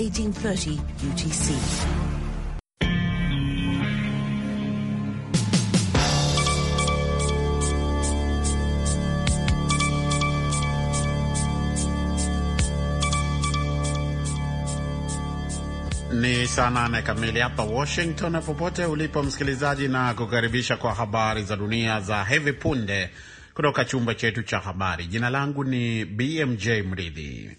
1830 UTC. Ni saa nane kamili hapa Washington. Popote ulipo msikilizaji, na kukaribisha kwa habari za dunia za hivi punde kutoka chumba chetu cha habari. Jina langu ni BMJ Mridhi.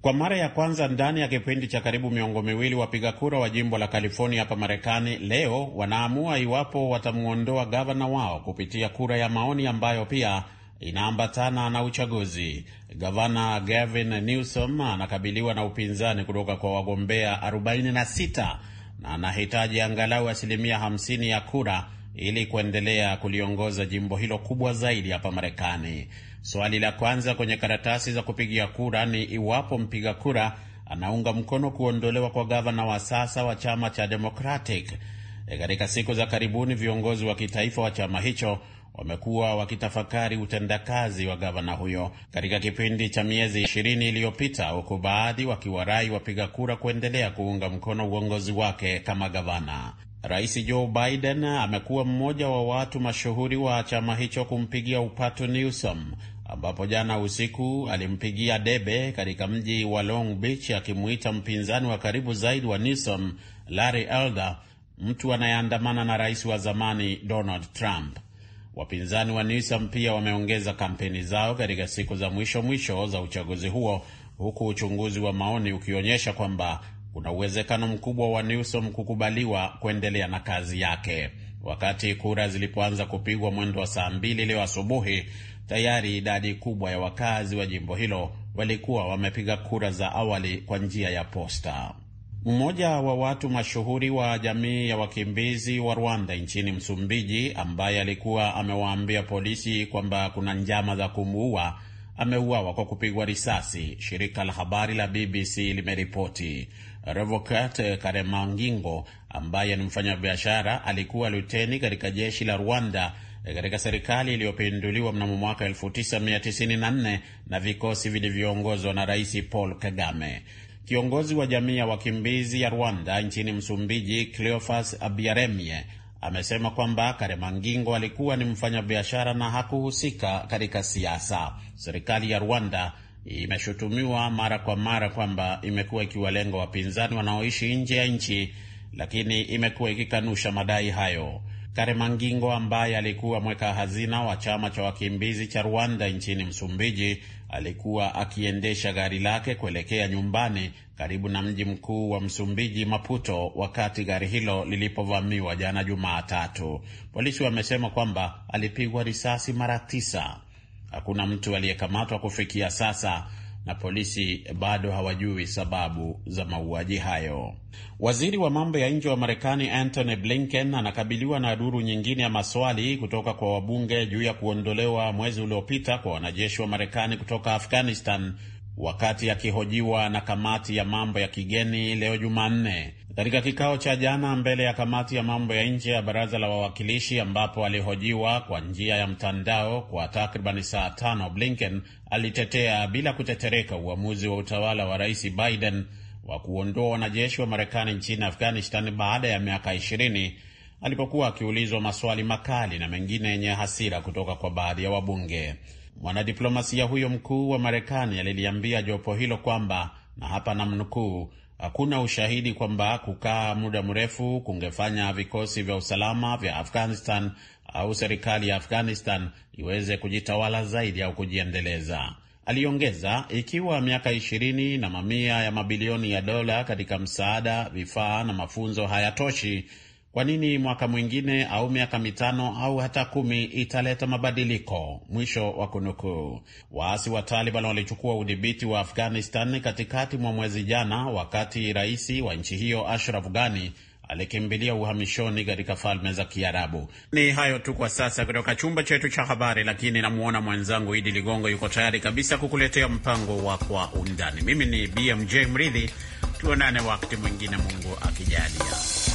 Kwa mara ya kwanza ndani ya kipindi cha karibu miongo miwili, wapiga kura wa jimbo la California hapa Marekani leo wanaamua iwapo watamwondoa gavana wao kupitia kura ya maoni ambayo pia inaambatana na uchaguzi. Gavana Gavin Newsom anakabiliwa na upinzani kutoka kwa wagombea 46 na anahitaji angalau asilimia 50 ya kura ili kuendelea kuliongoza jimbo hilo kubwa zaidi hapa Marekani. Swali la kwanza kwenye karatasi za kupigia kura ni iwapo mpiga kura anaunga mkono kuondolewa kwa gavana wa sasa wa chama cha Democratic. E, katika siku za karibuni viongozi wa kitaifa wa chama hicho wamekuwa wakitafakari utendakazi wa gavana huyo katika kipindi cha miezi ishirini iliyopita, huku baadhi wakiwarai wapiga kura kuendelea kuunga mkono uongozi wake kama gavana. Rais Joe Biden amekuwa mmoja wa watu mashuhuri wa chama hicho kumpigia upatu Newsom, ambapo jana usiku alimpigia debe katika mji wa Long Beach, akimuita mpinzani wa karibu zaidi wa Newsom, Larry Elder, mtu anayeandamana na rais wa zamani Donald Trump. Wapinzani wa Newsom pia wameongeza kampeni zao katika siku za mwisho mwisho za uchaguzi huo, huku uchunguzi wa maoni ukionyesha kwamba kuna uwezekano mkubwa wa Newsom kukubaliwa kuendelea na kazi yake. Wakati kura zilipoanza kupigwa mwendo wa saa mbili leo asubuhi, tayari idadi kubwa ya wakazi wa jimbo hilo walikuwa wamepiga kura za awali kwa njia ya posta. Mmoja wa watu mashuhuri wa jamii ya wakimbizi wa Rwanda nchini Msumbiji, ambaye alikuwa amewaambia polisi kwamba kuna njama za kumuua, ameuawa kwa kupigwa risasi, shirika la habari la BBC limeripoti. Revocate Karemangingo ambaye ni mfanyabiashara alikuwa luteni katika jeshi la Rwanda eh, katika serikali iliyopinduliwa mnamo mwaka 1994 na vikosi vilivyoongozwa na Rais Paul Kagame. Kiongozi wa jamii ya wakimbizi ya Rwanda nchini Msumbiji, Cleophas abiaremie amesema kwamba Karemangingo alikuwa ni mfanyabiashara na hakuhusika katika siasa. Serikali ya Rwanda imeshutumiwa mara kwa mara kwamba imekuwa ikiwalenga wapinzani wanaoishi nje ya nchi, lakini imekuwa ikikanusha madai hayo. Karemangingo ambaye alikuwa mweka hazina wa chama cha wakimbizi cha Rwanda nchini Msumbiji alikuwa akiendesha gari lake kuelekea nyumbani karibu na mji mkuu wa Msumbiji, Maputo, wakati gari hilo lilipovamiwa jana Jumatatu. Polisi wamesema kwamba alipigwa risasi mara tisa. Hakuna mtu aliyekamatwa kufikia sasa na polisi bado hawajui sababu za mauaji hayo. Waziri wa mambo ya nje wa Marekani Antony Blinken anakabiliwa na duru nyingine ya maswali kutoka kwa wabunge juu ya kuondolewa mwezi uliopita kwa wanajeshi wa Marekani kutoka Afghanistan wakati akihojiwa na kamati ya mambo ya kigeni leo Jumanne. Katika kikao cha jana mbele ya kamati ya mambo ya nje ya baraza la wawakilishi, ambapo alihojiwa kwa njia ya mtandao kwa takribani saa tano, Blinken alitetea bila kutetereka uamuzi wa utawala wa rais Biden wa kuondoa wanajeshi wa Marekani nchini Afghanistan baada ya miaka ishirini alipokuwa akiulizwa maswali makali na mengine yenye hasira kutoka kwa baadhi ya wabunge. Mwanadiplomasia huyo mkuu wa Marekani aliliambia jopo hilo kwamba, na hapa namnukuu Hakuna ushahidi kwamba kukaa muda mrefu kungefanya vikosi vya usalama vya Afghanistan au serikali ya Afghanistan iweze kujitawala zaidi au kujiendeleza. Aliongeza, ikiwa miaka ishirini na mamia ya mabilioni ya dola katika msaada, vifaa na mafunzo hayatoshi kwa nini mwaka mwingine au miaka mitano au hata kumi italeta mabadiliko? Mwisho wa kunukuu. Waasi wa Taliban walichukua udhibiti wa Afghanistan katikati mwa mwezi jana, wakati rais wa nchi hiyo Ashraf Ghani alikimbilia uhamishoni katika falme za Kiarabu. Ni hayo tu kwa sasa kutoka chumba chetu cha habari, lakini namwona mwenzangu Idi Ligongo yuko tayari kabisa kukuletea mpango wa Kwa Undani. Mimi ni BMJ Mridhi, tuonane wakati mwingine, Mungu akijalia.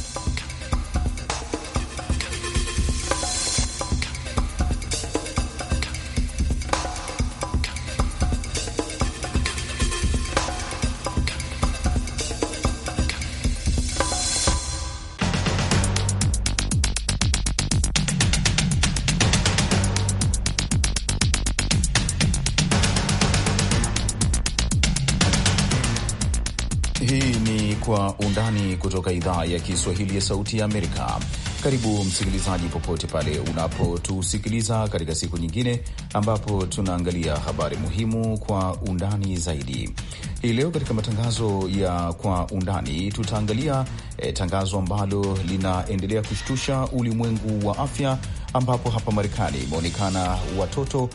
kutoka idhaa ya Kiswahili ya Sauti ya Amerika. Karibu msikilizaji, popote pale unapotusikiliza katika siku nyingine ambapo tunaangalia habari muhimu kwa undani zaidi. Hii leo katika matangazo ya kwa undani tutaangalia eh, tangazo ambalo linaendelea kushtusha ulimwengu wa afya ambapo hapa Marekani imeonekana watoto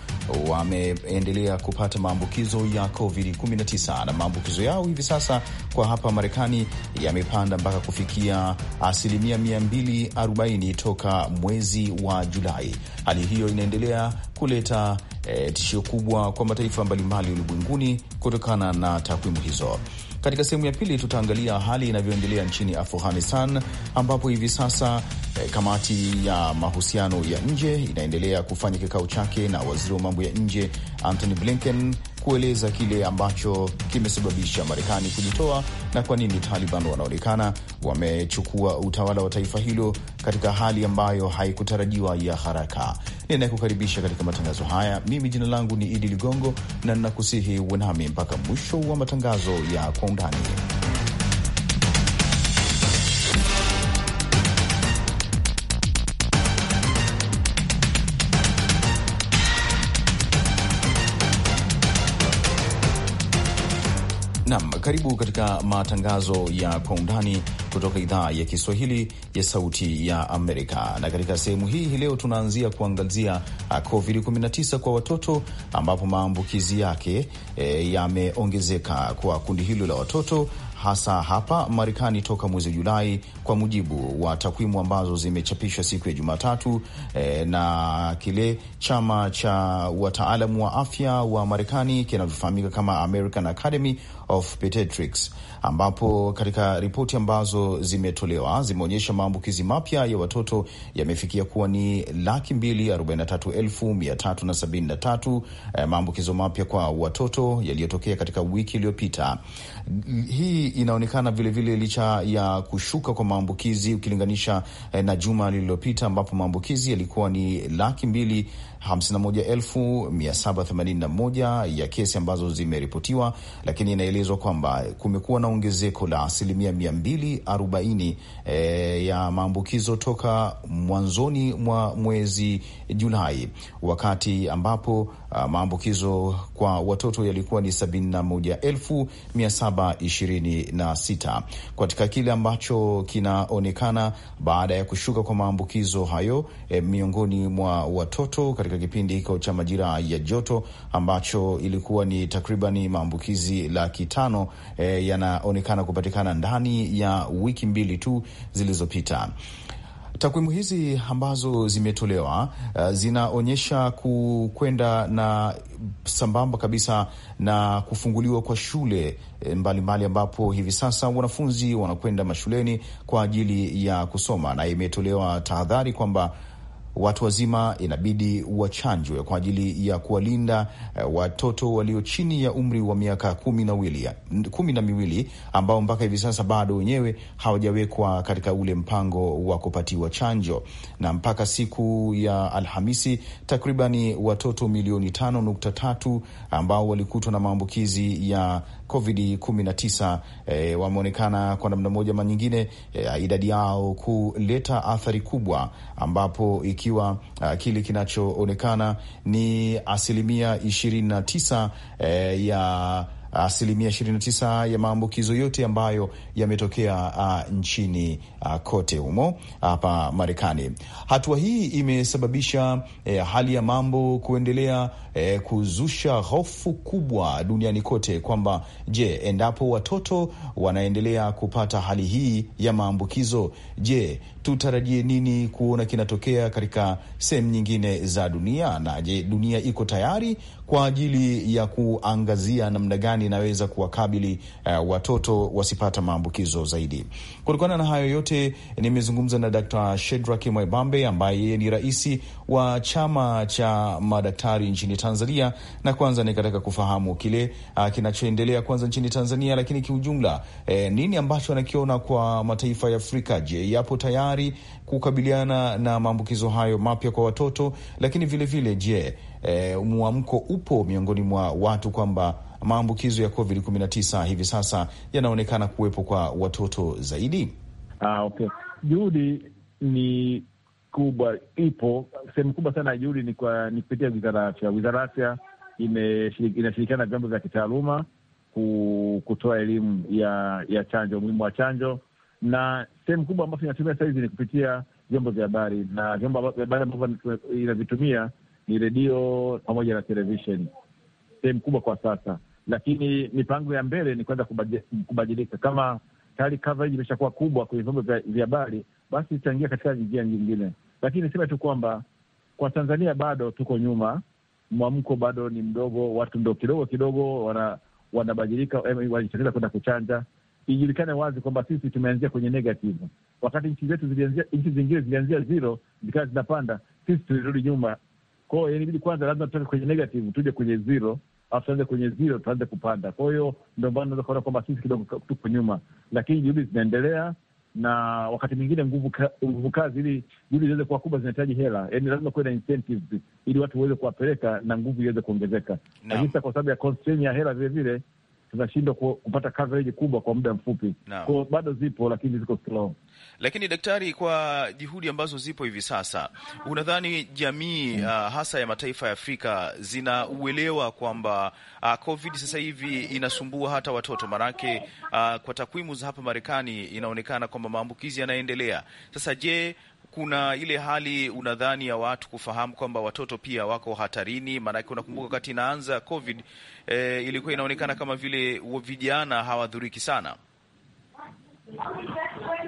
wameendelea kupata maambukizo ya COVID-19 na maambukizo yao hivi sasa kwa hapa Marekani yamepanda mpaka kufikia asilimia 240 toka mwezi wa Julai. Hali hiyo inaendelea kuleta eh, tishio kubwa kwa mataifa mbalimbali ulimwenguni kutokana na takwimu hizo. Katika sehemu ya pili tutaangalia hali inavyoendelea nchini Afghanistan ambapo hivi sasa eh, kamati ya mahusiano ya nje inaendelea kufanya kikao chake na waziri wa mambo ya nje Antony Blinken kueleza kile ambacho kimesababisha Marekani kujitoa na kwa nini Taliban wanaonekana wamechukua utawala wa taifa hilo katika hali ambayo haikutarajiwa ya haraka. Ninayekukaribisha katika matangazo haya mimi, jina langu ni Idi Ligongo, na ninakusihi uwe nami mpaka mwisho wa matangazo ya Kwa Undani. Nam, karibu katika matangazo ya kwa undani kutoka idhaa ya Kiswahili ya Sauti ya Amerika. Na katika sehemu hii hi leo tunaanzia kuangazia ah, COVID-19 kwa watoto ambapo maambukizi yake e, yameongezeka kwa kundi hilo la watoto hasa hapa Marekani toka mwezi Julai kwa mujibu wa takwimu ambazo zimechapishwa siku ya Jumatatu e, na kile chama cha wataalamu wa afya wa Marekani kinavyofahamika kama American Academy of Pediatrics, ambapo katika ripoti ambazo zimetolewa zimeonyesha maambukizi mapya ya watoto yamefikia kuwa ni laki mbili arobaini na tatu elfu mia tatu na sabini na tatu eh, maambukizo mapya kwa watoto yaliyotokea katika wiki iliyopita. Hii inaonekana vilevile vile licha ya kushuka kwa maambukizi ukilinganisha eh, na juma lililopita ambapo maambukizi yalikuwa ni laki mbili 51,781 ya kesi ambazo zimeripotiwa, lakini inaelezwa kwamba kumekuwa na ongezeko la asilimia 240 e, eh, ya maambukizo toka mwanzoni mwa mwezi Julai, wakati ambapo ah, maambukizo kwa watoto yalikuwa ni 71,726 katika kile ambacho kinaonekana baada ya kushuka kwa maambukizo hayo e, miongoni mwa watoto katika kipindi hiko cha majira ya joto ambacho ilikuwa ni takriban maambukizi laki tano e, yanaonekana kupatikana ndani ya wiki mbili tu zilizopita. Takwimu hizi ambazo zimetolewa uh, zinaonyesha kukwenda na sambamba kabisa na kufunguliwa kwa shule e, mbalimbali mbali, ambapo hivi sasa wanafunzi wanakwenda mashuleni kwa ajili ya kusoma, na imetolewa tahadhari kwamba watu wazima inabidi wachanjwe kwa ajili ya kuwalinda uh, watoto walio chini ya umri wa miaka kumi na wili, kumi na miwili ambao mpaka hivi sasa bado wenyewe hawajawekwa katika ule mpango wa kupatiwa chanjo, na mpaka siku ya Alhamisi takribani watoto milioni tano nukta tatu ambao walikutwa na maambukizi ya COVID-19 e, wameonekana kwa namna moja ama nyingine e, idadi yao kuleta athari kubwa, ambapo ikiwa a, ah, kile kinachoonekana ni asilimia ishirini na tisa e, ya asilimia 29 ya maambukizo yote ambayo yametokea uh, nchini uh, kote humo hapa Marekani. Hatua hii imesababisha eh, hali ya mambo kuendelea eh, kuzusha hofu kubwa duniani kote kwamba je, endapo watoto wanaendelea kupata hali hii ya maambukizo, je tutarajie nini kuona kinatokea katika sehemu nyingine za dunia? Na je, dunia iko tayari kwa ajili ya kuangazia namna gani inaweza kuwakabili uh, watoto wasipata maambukizo zaidi? Kutokana na hayo yote, nimezungumza na Dkt. Shedrack Mwaibambe ambaye yeye ni rais wa chama cha madaktari nchini Tanzania, na kwanza nikataka kufahamu kile uh, kinachoendelea kwanza nchini Tanzania, lakini kiujumla, eh, nini ambacho anakiona kwa mataifa ya Afrika? Je, yapo tayari tahadhari kukabiliana na maambukizo hayo mapya kwa watoto? Lakini vilevile je, e, mwamko upo miongoni mwa watu kwamba maambukizo ya Covid 19 hivi sasa yanaonekana kuwepo kwa watoto zaidi? Ah, okay. Juhudi ni kubwa, ipo sehemu kubwa sana ya juhudi ni, ni kupitia wizara ya afya. Wizara ya afya inashirikiana na vyombo vya kitaaluma kutoa elimu ya ya chanjo, umuhimu wa chanjo na sehemu kubwa ambazo inatumia sahizi ni kupitia vyombo vya habari, na vyombo vya habari ambavyo inavitumia ni redio pamoja na televisheni, sehemu kubwa kwa sasa. Lakini mipango ya mbele ni kuweza kubadilika. Kama tayari coverage imeshakuwa kubwa kwenye vyombo vya habari, basi itaingia katika njia nyingine. Lakini niseme tu kwamba kwa Tanzania bado tuko nyuma, mwamko bado ni mdogo, watu ndo kidogo kidogo wanabadilika, eh, wanajitokeza kwenda kuchanja ijulikane wazi kwamba sisi tumeanzia kwenye negative. Wakati nchi zetu zilianzia, nchi zingine zilianzia zero zikawa zinapanda, sisi tulirudi nyuma. Kwa hiyo inabidi kwanza, lazima tutoke kwenye negative tuje kwenye zero, alafu tuanze kwenye zero tuanze kupanda. Kwa hiyo ndio maana unaweza kuona kwamba sisi kidogo tuko nyuma, lakini juhudi zinaendelea na wakati mwingine nguvu ka, nguvu kazi ili juhudi ziweze kuwa kubwa zinahitaji hela, yaani lazima kuwe na incentives ili watu waweze kuwapeleka na nguvu iweze kuongezeka, lakini sasa kwa sababu ya constraint ya hela vilevile zinashindwa kupata coverage kubwa kwa muda mfupi no. Kwa bado zipo lakini ziko slow. Lakini daktari, kwa juhudi ambazo zipo hivi sasa, unadhani jamii mm, uh, hasa ya mataifa ya Afrika zinauelewa kwamba uh, COVID sasa hivi inasumbua hata watoto? Maanake uh, kwa takwimu za hapa Marekani inaonekana kwamba maambukizi yanaendelea. Sasa je, kuna ile hali unadhani ya watu kufahamu kwamba watoto pia wako hatarini? Maanake unakumbuka wakati inaanza COVID e, ilikuwa inaonekana kama vile vijana hawadhuriki sana.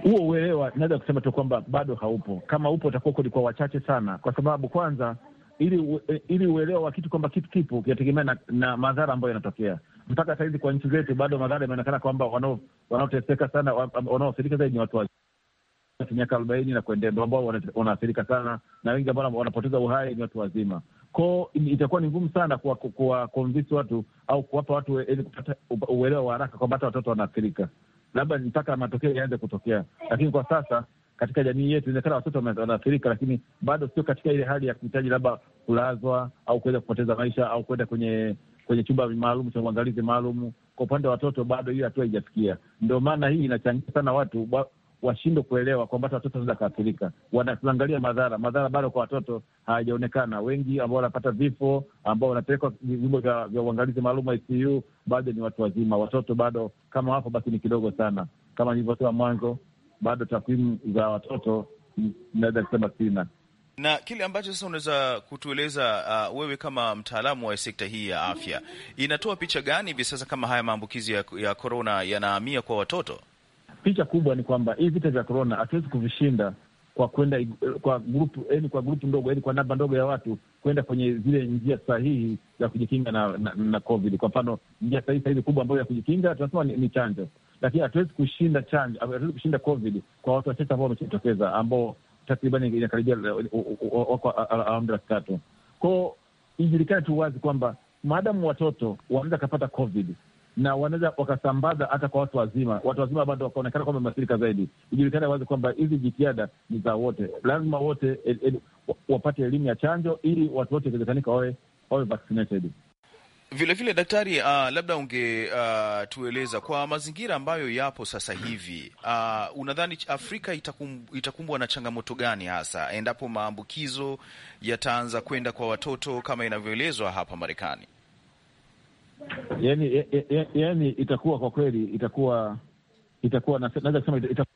Huo uelewa naweza kusema tu kwamba bado haupo. Kama upo utakuwa uko kwa wachache sana, kwa sababu kwanza ili ili uelewa wa kitu kwamba kitu kipo kinategemea na, na madhara ambayo yanatokea. Mpaka sahizi kwa nchi zetu bado madhara yameonekana kwamba wanaoteseka sana, wanaofirika zaidi ni watu miaka arobaini na kuendea, ndo ambao wanaathirika sana, na wengi ambao wanapoteza uhai ni watu wazima. Ko, itakuwa ni ngumu sana kuwa, kuwakonvinsi watu au kuwapa watu ili kupata uelewa wa haraka kwamba hata watoto wanaathirika, labda mpaka matokeo yaanze kutokea. Lakini kwa sasa katika jamii yetu inaonekana watoto wanaathirika, lakini bado sio katika ile hali ya kuhitaji labda kulazwa au kuweza kupoteza maisha au kuenda kwenye kwenye chumba maalum cha uangalizi maalum. Kwa upande wa watoto bado hiyo hatua haijafikia, ndio maana hii inachangia sana watu washindwe kuelewa kwamba hata watoto wanaweza kuathirika. Wanaangalia madhara, madhara bado kwa watoto hayajaonekana. Wengi ambao wanapata vifo, ambao wanapelekwa vyombo vya uangalizi maalum ICU, bado ni watu wazima. Watoto bado kama wapo basi ni kidogo sana. Kama nilivyosema mwanzo, bado takwimu za watoto inaweza kusema sina na kile ambacho sasa unaweza kutueleza uh, wewe kama mtaalamu wa sekta hii ya afya, inatoa picha gani hivi sasa kama haya maambukizi ya korona ya yanahamia kwa watoto? picha kubwa ni kwamba hii vita vya korona hatuwezi kuvishinda kwa kwenda kwa grupu yani, kwa grupu ndogo yani, kwa namba ndogo ya watu kwenda kwenye zile njia sahihi za kujikinga na, na, na COVID. Kwa mfano njia sahihi sahizi kubwa ambayo ya kujikinga tunasema ni, ni chanjo, lakini hatuwezi kushinda chanjo, hatuwezi kushinda COVID kwa watu wachache ambao wamejitokeza, ambao takribani inakaribia uh, uh, uh, wako around laki tatu kwao. Ijulikane tu wazi kwamba maadamu watoto wanaweza kapata COVID na wanaweza wakasambaza hata kwa watu wazima, watu wazima bado wakaonekana kwamba wameathirika zaidi. Ijulikane wazi kwamba hizi jitihada ni za wote, lazima wote el, el, wapate elimu ya chanjo ili watu wote ikiwezekanika wawe wawe vaccinated. Vilevile vile, daktari uh, labda ungetueleza ah, uh, kwa mazingira ambayo yapo sasa hivi uh, unadhani Afrika itakum, itakumbwa na changamoto gani hasa endapo maambukizo yataanza kwenda kwa watoto kama inavyoelezwa hapa Marekani? yani, yani yaani itakuwa kwa kweli itakuwa itakuwa naweza kusema itakuwa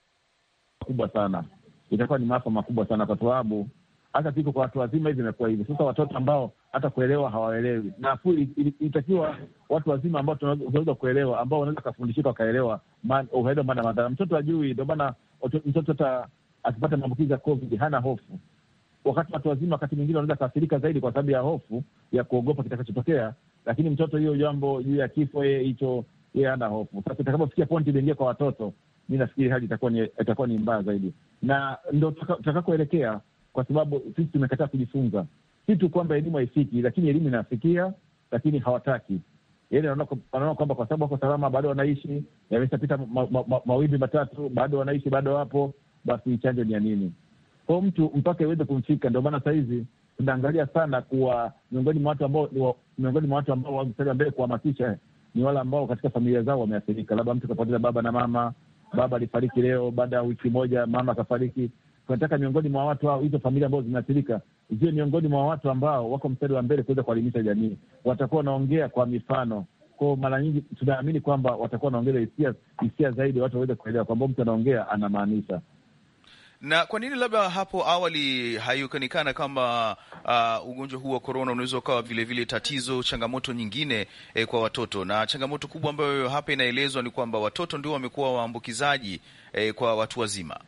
kubwa sana, itakuwa ni maafa makubwa sana, kwa sababu hata siko kwa watu wazima hivi imekuwa hivi sasa, watoto ambao hata kuelewa hawaelewi. Nafuu itakiwa watu wazima ambao tunaweza kuelewa, ambao wanaweza kafundishika wakaelewa uelewa maana madhara. Mtoto ajui, ndio maana mtoto hata akipata maambukizi ya COVID hana hofu, wakati watu wazima wakati mwingine wanaweza kaathirika zaidi, kwa sababu ya hofu ya kuogopa kitakachotokea lakini mtoto, hiyo jambo juu ya kifo, yeye hicho yeye ana hofu. Sasa itakapofikia pointi iliingia kwa watoto, mi nafikiri hali itakuwa ni, mbaya zaidi, na ndo tutakakoelekea, kwa sababu sisi tumekataa kujifunza, si tu kwamba elimu haifiki, lakini elimu inafikia, lakini hawataki yani, wanaona kwamba kwa sababu wako salama bado wanaishi, yameshapita ma, ma, ma, mawimbi matatu, bado wanaishi, bado wapo, basi chanjo ni ya nini? Kwao mtu mpaka iweze kumfika. Ndio maana sahizi tunaangalia sana kuwa miongoni mwa watu ambao miongoni mwa watu ambao wa wa mbele kuhamasisha ni wale ambao katika familia zao wameathirika, labda mtu kapoteza baba na mama, baba alifariki leo, baada ya wiki moja mama akafariki. Tunataka miongoni mwa watu hao, hizo familia ambazo zimeathirika ziwe miongoni mwa watu ambao wako mstari wa mbele kuweza kuelimisha jamii, watakuwa wanaongea kwa mifano kwao. Mara nyingi tunaamini kwamba watakuwa wanaongeza hisia hisia zaidi, watu waweze kuelewa kwamba mtu anaongea anamaanisha. Na kwa nini labda hapo awali haionekana kwamba uh, ugonjwa huu wa korona unaweza ukawa vilevile tatizo, changamoto nyingine eh, kwa watoto, na changamoto kubwa ambayo hapa inaelezwa ni kwamba watoto ndio wamekuwa waambukizaji eh, kwa watu wazima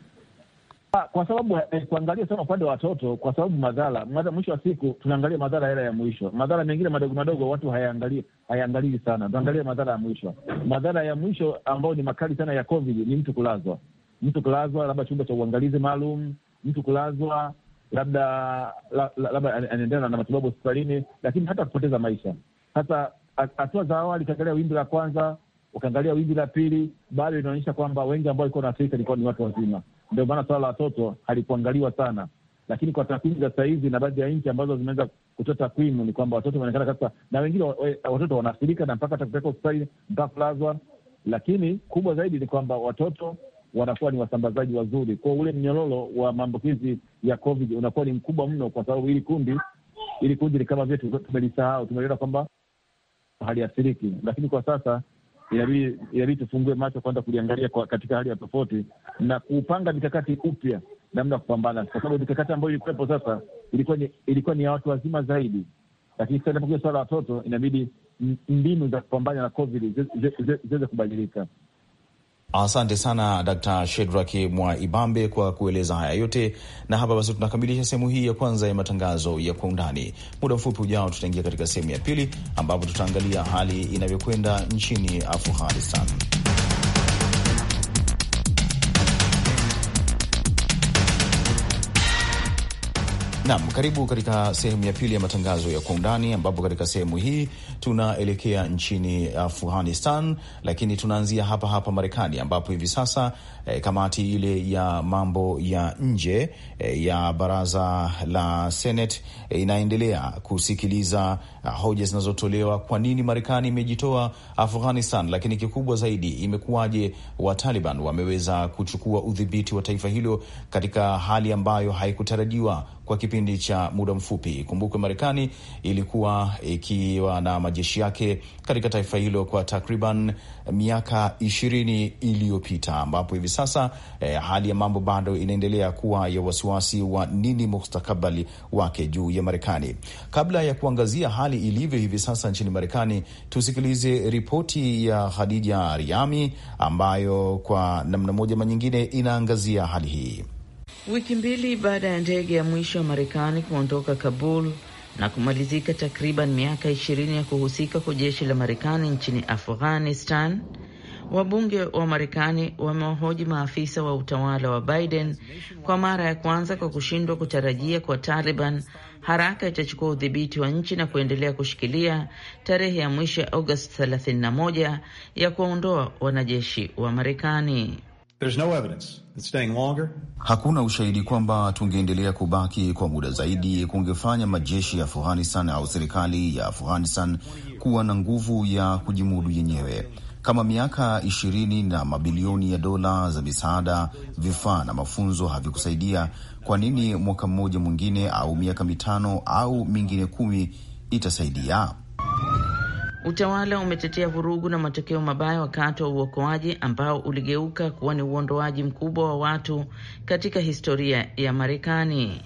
ah, kwa sababu eh, kuangalia sana upande wa watoto, kwa sababu madhara madhara, mwisho wa siku tunaangalia madhara yale ya mwisho. Madhara mengine madogo madogo watu hayaangalii hayaangalii sana, tunaangalia madhara ya mwisho. Madhara ya mwisho ambayo ni makali sana ya COVID ni mtu kulazwa, mtu kulazwa labda chumba cha uangalizi maalum, mtu kulazwa labda labda anaendelea na matibabu hospitalini, lakini hata kupoteza maisha. Sasa hatua za awali, ukiangalia wimbi la kwanza, ukiangalia wimbi la pili, bado inaonyesha kwamba wengi ambao walikuwa wanaathirika ilikuwa ni watu wazima. Ndio maana suala la watoto halikuangaliwa sana, lakini kwa takwimu za sahizi na baadhi ya nchi ambazo zimeweza kutoa takwimu ni kwamba watoto wanaonekana sasa, na wengine watoto wanaathirika na mpaka hata kupeleka hospitali mpaka kulazwa, lakini kubwa zaidi ni kwamba watoto wanakuwa ni wasambazaji wazuri, kwao. ule mnyororo wa maambukizi ya COVID unakuwa ni mkubwa mno, kwa sababu hili kundi hili kundi ni kama vile tumelisahau, tumeliona kwamba haliathiriki, lakini kwa sasa inabidi tufungue macho kwanza kuliangalia kwa katika hali ya tofauti na kupanga mikakati upya namna ya kupambana, kwa sababu mikakati ambayo ilikuwepo sasa ilikuwa ni ilikuwa ni ya watu wazima zaidi, lakini sasa inapokuja suala la watoto inabidi mbinu za kupambana na COVID ziweze kubadilika. Asante sana Dkt. Shedraki Mwaibambe kwa kueleza haya yote, na hapa basi tunakamilisha sehemu hii ya kwanza ya matangazo ya kwa undani. Muda mfupi ujao, tutaingia katika sehemu ya pili ambapo tutaangalia hali inavyokwenda nchini Afghanistan. Naam, karibu katika sehemu ya pili ya matangazo ya kwa undani, ambapo katika sehemu hii tunaelekea nchini Afghanistan, lakini tunaanzia hapa hapa Marekani, ambapo hivi sasa e, kamati ile ya mambo ya nje e, ya baraza la Senate e, inaendelea kusikiliza uh, hoja zinazotolewa kwa nini Marekani imejitoa Afghanistan, lakini kikubwa zaidi imekuwaje Wataliban wameweza kuchukua udhibiti wa taifa hilo katika hali ambayo haikutarajiwa kwa kipindi cha muda mfupi. Kumbukwe, Marekani ilikuwa ikiwa na majeshi yake katika taifa hilo kwa takriban miaka ishirini iliyopita ambapo hivi sasa eh, hali ya mambo bado inaendelea kuwa ya wasiwasi wa nini mustakabali wake juu ya Marekani. Kabla ya kuangazia hali ilivyo hivi sasa nchini Marekani, tusikilize ripoti ya Khadija Riami ambayo kwa namna moja manyingine inaangazia hali hii. Wiki mbili baada ya ndege ya mwisho ya Marekani kuondoka Kabul na kumalizika takriban miaka ishirini ya kuhusika kwa jeshi la Marekani nchini Afghanistan, Wabunge wa Marekani wamewahoji maafisa wa utawala wa Biden kwa mara ya kwanza kwa kushindwa kutarajia kwa Taliban haraka itachukua udhibiti wa nchi na kuendelea kushikilia tarehe ya mwisho ya Agosti 31 ya kuwaondoa wanajeshi wa Marekani. No Hakuna ushahidi kwamba tungeendelea kubaki kwa muda zaidi kungefanya majeshi ya Afghanistan au serikali ya Afghanistan kuwa na nguvu ya kujimudu yenyewe kama miaka ishirini na mabilioni ya dola za misaada, vifaa na mafunzo havikusaidia, kwa nini mwaka mmoja mwingine au miaka mitano au mingine kumi itasaidia? Utawala umetetea vurugu na matokeo mabaya wakati wa uokoaji ambao uligeuka kuwa ni uondoaji mkubwa wa watu katika historia ya Marekani.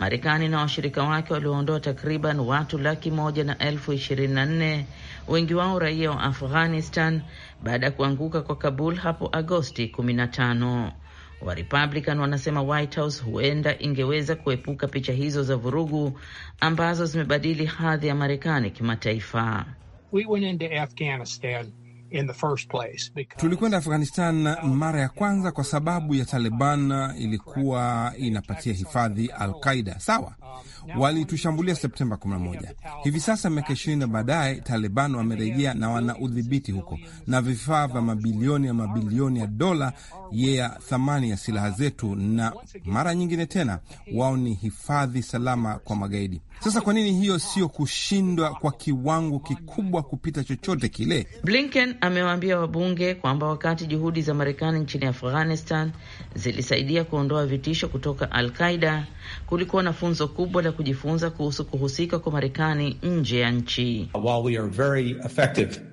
Marekani na washirika wake walioondoa takriban watu laki moja na elfu ishirini na nne wengi wao raia wa Afghanistan baada ya kuanguka kwa Kabul hapo Agosti 15. Wa Republican wanasema White House huenda ingeweza kuepuka picha hizo za vurugu ambazo zimebadili hadhi ya Marekani kimataifa. We went into Afghanistan because... tulikwenda Afghanistan mara ya kwanza kwa sababu ya Taliban ilikuwa inapatia hifadhi Al Qaida, sawa walitushambulia Septemba 11. Hivi sasa miaka ishirini na baadaye Taliban wamerejea na wana udhibiti huko na vifaa vya mabilioni ya mabilioni ya dola ya yeah, thamani ya silaha zetu, na mara nyingine tena wao ni hifadhi salama kwa magaidi. Sasa kwa nini hiyo sio kushindwa kwa kiwango kikubwa kupita chochote kile? Blinken amewaambia wabunge kwamba wakati juhudi za Marekani nchini Afghanistan zilisaidia kuondoa vitisho kutoka Al Qaida, kulikuwa na funzo kubwa la kujifunza kuhusu kuhusika kwa Marekani nje ya nchi.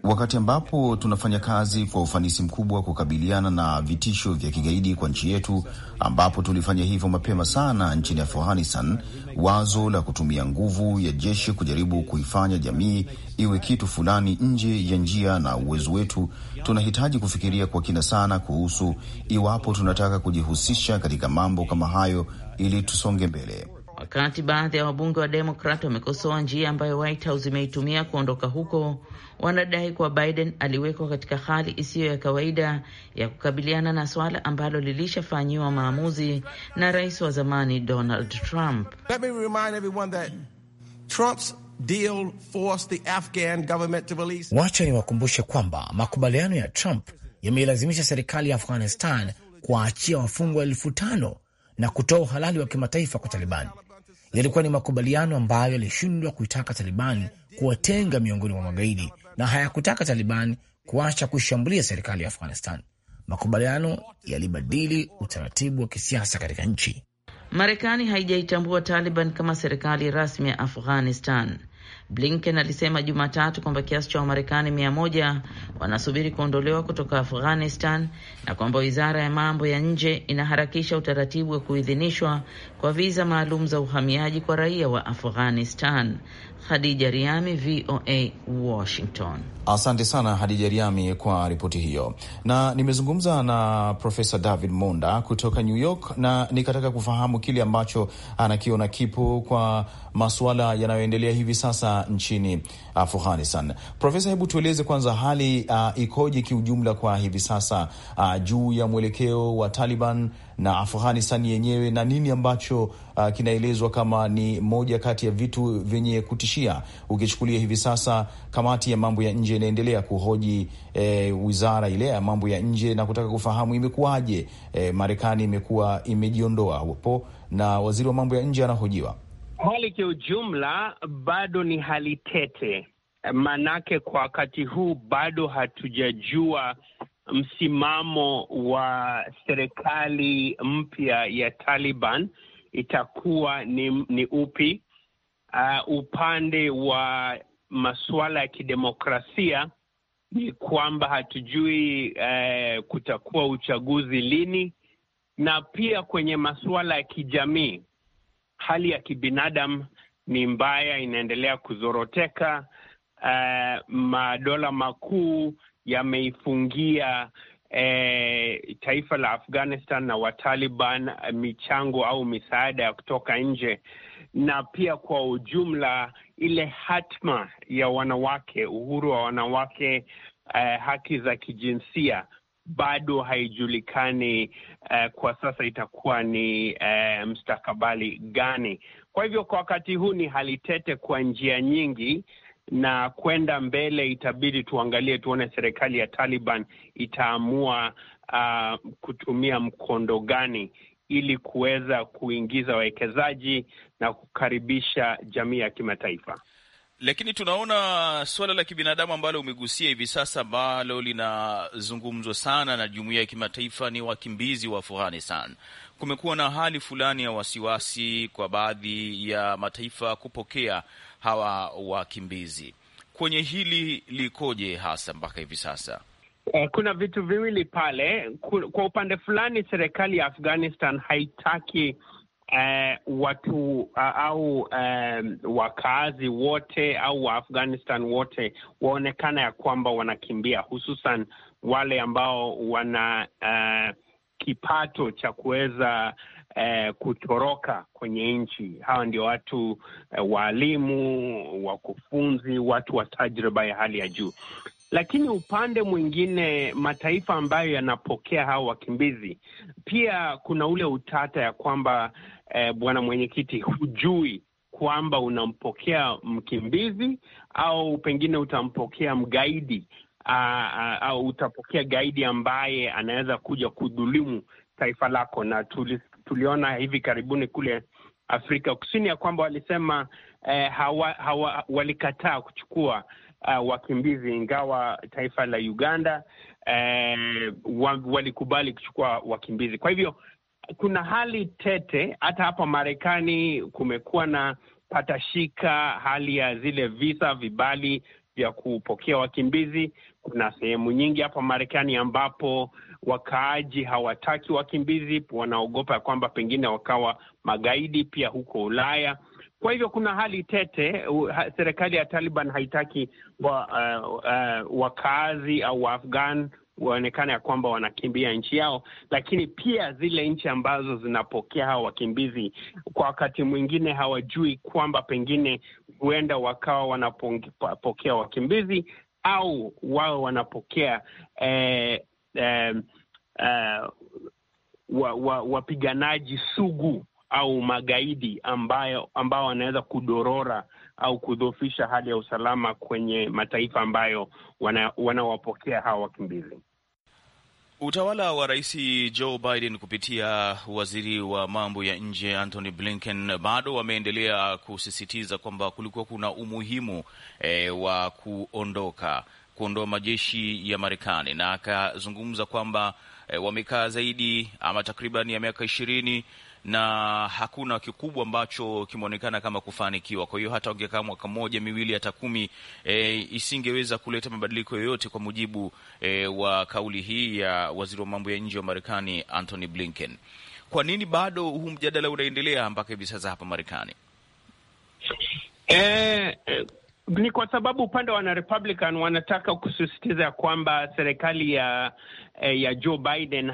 Wakati ambapo tunafanya kazi kwa ufanisi mkubwa kukabiliana na vitisho vya kigaidi kwa nchi yetu, ambapo tulifanya hivyo mapema sana nchini Afghanistan, wazo la kutumia nguvu ya jeshi kujaribu kuifanya jamii iwe kitu fulani nje ya njia na uwezo wetu. Tunahitaji kufikiria kwa kina sana kuhusu iwapo tunataka kujihusisha katika mambo kama hayo ili tusonge mbele. Wakati baadhi ya wabunge wa Demokrat wamekosoa njia ambayo White House imeitumia kuondoka huko, wanadai kuwa Biden aliwekwa katika hali isiyo ya kawaida ya kukabiliana na swala ambalo lilishafanyiwa maamuzi na rais wa zamani Donald Trump. Let me remind everyone that Trump's deal forced the Afghan government to release... Wacha niwakumbushe kwamba makubaliano ya Trump yameilazimisha serikali ya Afghanistan kuwaachia wafungwa elfu tano na kutoa uhalali wa kimataifa kwa Taliban yalikuwa ni makubaliano ambayo yalishindwa kuitaka Taliban kuwatenga miongoni mwa magaidi na hayakutaka Taliban kuacha kuishambulia serikali ya Afghanistan. Makubaliano yalibadili utaratibu wa kisiasa katika nchi. Marekani haijaitambua Taliban kama serikali rasmi ya Afghanistan. Blinken alisema Jumatatu kwamba kiasi cha Wamarekani mia moja wanasubiri kuondolewa kutoka Afghanistan na kwamba wizara ya mambo ya nje inaharakisha utaratibu wa kuidhinishwa kwa viza maalum za uhamiaji kwa raia wa Afghanistan. Hadija Riami, VOA Washington. Asante sana Hadija Riami kwa ripoti hiyo, na nimezungumza na Profesa David Monda kutoka New York na nikataka kufahamu kile ambacho anakiona kipo kwa masuala yanayoendelea hivi sasa nchini Afghanistan. Profesa, hebu tueleze kwanza hali uh, ikoje kiujumla kwa hivi sasa uh, juu ya mwelekeo wa Taliban na Afghanistan yenyewe na nini ambacho uh, kinaelezwa kama ni moja kati ya vitu vyenye kutishia, ukichukulia hivi sasa kamati ya mambo ya nje inaendelea kuhoji eh, wizara ile ya mambo ya nje na kutaka kufahamu imekuwaje, eh, Marekani imekuwa imejiondoa hapo na waziri wa mambo ya nje anahojiwa. Hali kiujumla bado ni hali tete, manake kwa wakati huu bado hatujajua msimamo wa serikali mpya ya Taliban itakuwa ni, ni upi. Uh, upande wa masuala ya kidemokrasia ni kwamba hatujui uh, kutakuwa uchaguzi lini, na pia kwenye masuala ya kijamii hali ya kibinadamu ni mbaya, inaendelea kuzoroteka. Uh, madola makuu yameifungia eh, taifa la Afghanistan na Wataliban michango au misaada ya kutoka nje, na pia kwa ujumla ile hatma ya wanawake, uhuru wa wanawake, eh, haki za kijinsia bado haijulikani uh, kwa sasa itakuwa ni uh, mstakabali gani. Kwa hivyo kwa wakati huu ni hali tete kwa njia nyingi, na kwenda mbele itabidi tuangalie, tuone serikali ya Taliban itaamua uh, kutumia mkondo gani ili kuweza kuingiza wawekezaji na kukaribisha jamii ya kimataifa. Lakini tunaona suala la kibinadamu ambalo umegusia hivi sasa ambalo linazungumzwa sana na jumuiya ya kimataifa ni wakimbizi wa Afghanistan. Kumekuwa na hali fulani ya wasiwasi kwa baadhi ya mataifa kupokea hawa wakimbizi. Kwenye hili likoje hasa mpaka hivi sasa? Eh, kuna vitu viwili pale. Kwa upande fulani, serikali ya Afghanistan haitaki eh, watu au eh, wakaazi wote au Waafghanistan wote waonekana ya kwamba wanakimbia, hususan wale ambao wana eh, kipato cha kuweza eh, kutoroka kwenye nchi. Hawa ndio watu eh, waalimu, wakufunzi, watu wa tajriba ya hali ya juu. Lakini upande mwingine, mataifa ambayo yanapokea hawa wakimbizi, pia kuna ule utata ya kwamba eh, bwana mwenyekiti, hujui kwamba unampokea mkimbizi au pengine utampokea mgaidi au utapokea gaidi ambaye anaweza kuja kudhulumu taifa lako, na tuli, tuliona hivi karibuni kule Afrika Kusini ya kwamba walisema eh, hawa, hawa, walikataa kuchukua uh, wakimbizi ingawa taifa la Uganda eh, walikubali kuchukua wakimbizi. Kwa hivyo kuna hali tete. Hata hapa Marekani kumekuwa na patashika, hali ya zile visa, vibali vya kupokea wakimbizi. Kuna sehemu nyingi hapa Marekani ambapo wakaaji hawataki wakimbizi, wanaogopa ya kwamba pengine wakawa magaidi, pia huko Ulaya. Kwa hivyo kuna hali tete. Serikali ya Taliban haitaki wa, uh, uh, wakaazi au Waafghan waonekana ya kwamba wanakimbia nchi yao, lakini pia zile nchi ambazo zinapokea hawa wakimbizi kwa wakati mwingine hawajui kwamba pengine huenda wakawa wanapokea wakimbizi au wao wanapokea eh, eh, eh, wa, wa, wapiganaji sugu au magaidi ambayo, ambao wanaweza kudorora au kudhoofisha hali ya usalama kwenye mataifa ambayo wanawapokea wana hawa wakimbizi. Utawala wa Rais Joe Biden kupitia waziri wa mambo ya nje Antony Blinken bado wameendelea kusisitiza kwamba kulikuwa kuna umuhimu e, wa kuondoka kuondoa majeshi ya Marekani na akazungumza kwamba e, wamekaa zaidi ama takriban ya miaka ishirini na hakuna kikubwa ambacho kimeonekana kama kufanikiwa. Kwa hiyo hata wangekaa mwaka mmoja miwili hata kumi, e, isingeweza kuleta mabadiliko yoyote, kwa mujibu e, wa kauli hii ya waziri wa mambo ya nje wa Marekani Antony Blinken. Kwa nini bado huu mjadala unaendelea mpaka hivi sasa hapa Marekani? Eh, eh, ni kwa sababu upande wa wanarepublican wanataka kusisitiza ya kwamba serikali ya e, ya Joe Biden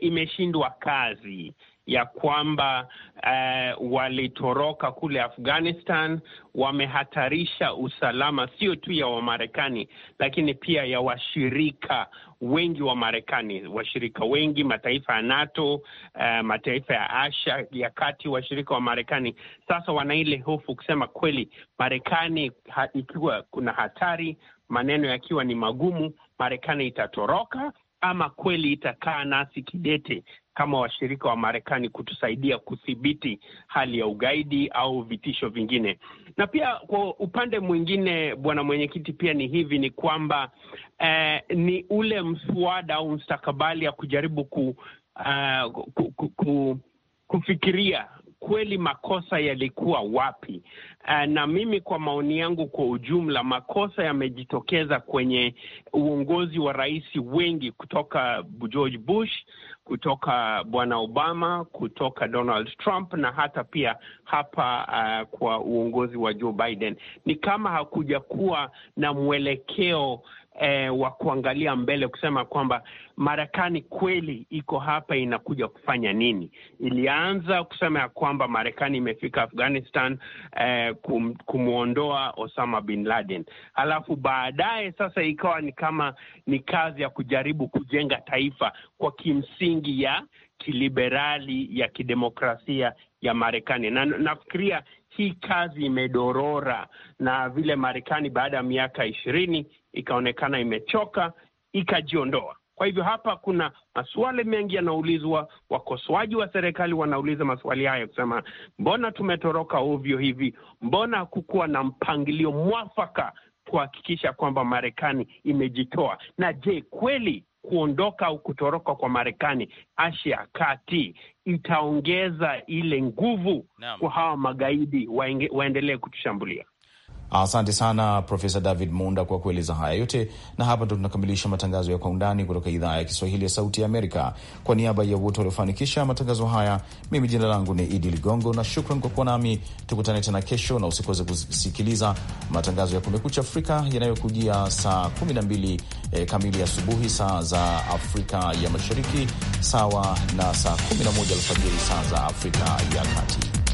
imeshindwa ime kazi ya kwamba uh, walitoroka kule Afghanistan, wamehatarisha usalama sio tu ya Wamarekani lakini pia ya washirika wengi wa Marekani, washirika wengi, mataifa ya NATO, uh, mataifa ya Asia ya kati, washirika wa Marekani. Sasa wana ile hofu kusema kweli, Marekani ha, ikiwa kuna hatari, maneno yakiwa ni magumu, Marekani itatoroka ama kweli itakaa nasi kidete kama washirika wa Marekani kutusaidia kudhibiti hali ya ugaidi au vitisho vingine. Na pia kwa upande mwingine, bwana mwenyekiti, pia ni hivi ni kwamba eh, ni ule mswada au mstakabali ya kujaribu ku, uh, ku, ku, ku, kufikiria kweli makosa yalikuwa wapi, Eh, na mimi kwa maoni yangu, kwa ujumla, makosa yamejitokeza kwenye uongozi wa rais wengi kutoka George Bush, kutoka bwana Obama, kutoka Donald Trump na hata pia hapa uh, kwa uongozi wa Joe Biden. Ni kama hakuja kuwa na mwelekeo eh, wa kuangalia mbele kusema kwamba Marekani kweli iko hapa inakuja kufanya nini. Ilianza kusema ya kwamba Marekani imefika Afghanistan eh, kum, kumwondoa Osama bin Laden, halafu baadaye sasa ikawa ni kama ni kazi ya kujaribu kujenga taifa kwa kimsingi ya kiliberali ya kidemokrasia ya Marekani, na nafikiria hii kazi imedorora, na vile Marekani baada ya miaka ishirini ikaonekana imechoka, ikajiondoa. Kwa hivyo hapa kuna maswali mengi yanaulizwa, wakosoaji wa serikali wanauliza maswali haya kusema, mbona tumetoroka ovyo hivi? Mbona hakukuwa na mpangilio mwafaka kuhakikisha kwamba Marekani imejitoa? Na je, kweli kuondoka au kutoroka kwa Marekani Asia kati itaongeza ile nguvu kwa hawa magaidi waendelee kutushambulia? Asante sana Profesa David Munda kwa kueleza haya yote, na hapa ndo tunakamilisha matangazo ya Kwa Undani kutoka idhaa ya Kiswahili ya Sauti ya Amerika. Kwa niaba ya wote waliofanikisha matangazo haya, mimi jina langu ni Idi Ligongo na shukran kwa kuwa nami. Tukutane tena kesho, na usikose kusikiliza matangazo ya Kumekucha Afrika yanayokujia saa 12 e, eh, kamili asubuhi saa za Afrika ya Mashariki, sawa na saa 11 alfajiri saa za Afrika ya Kati.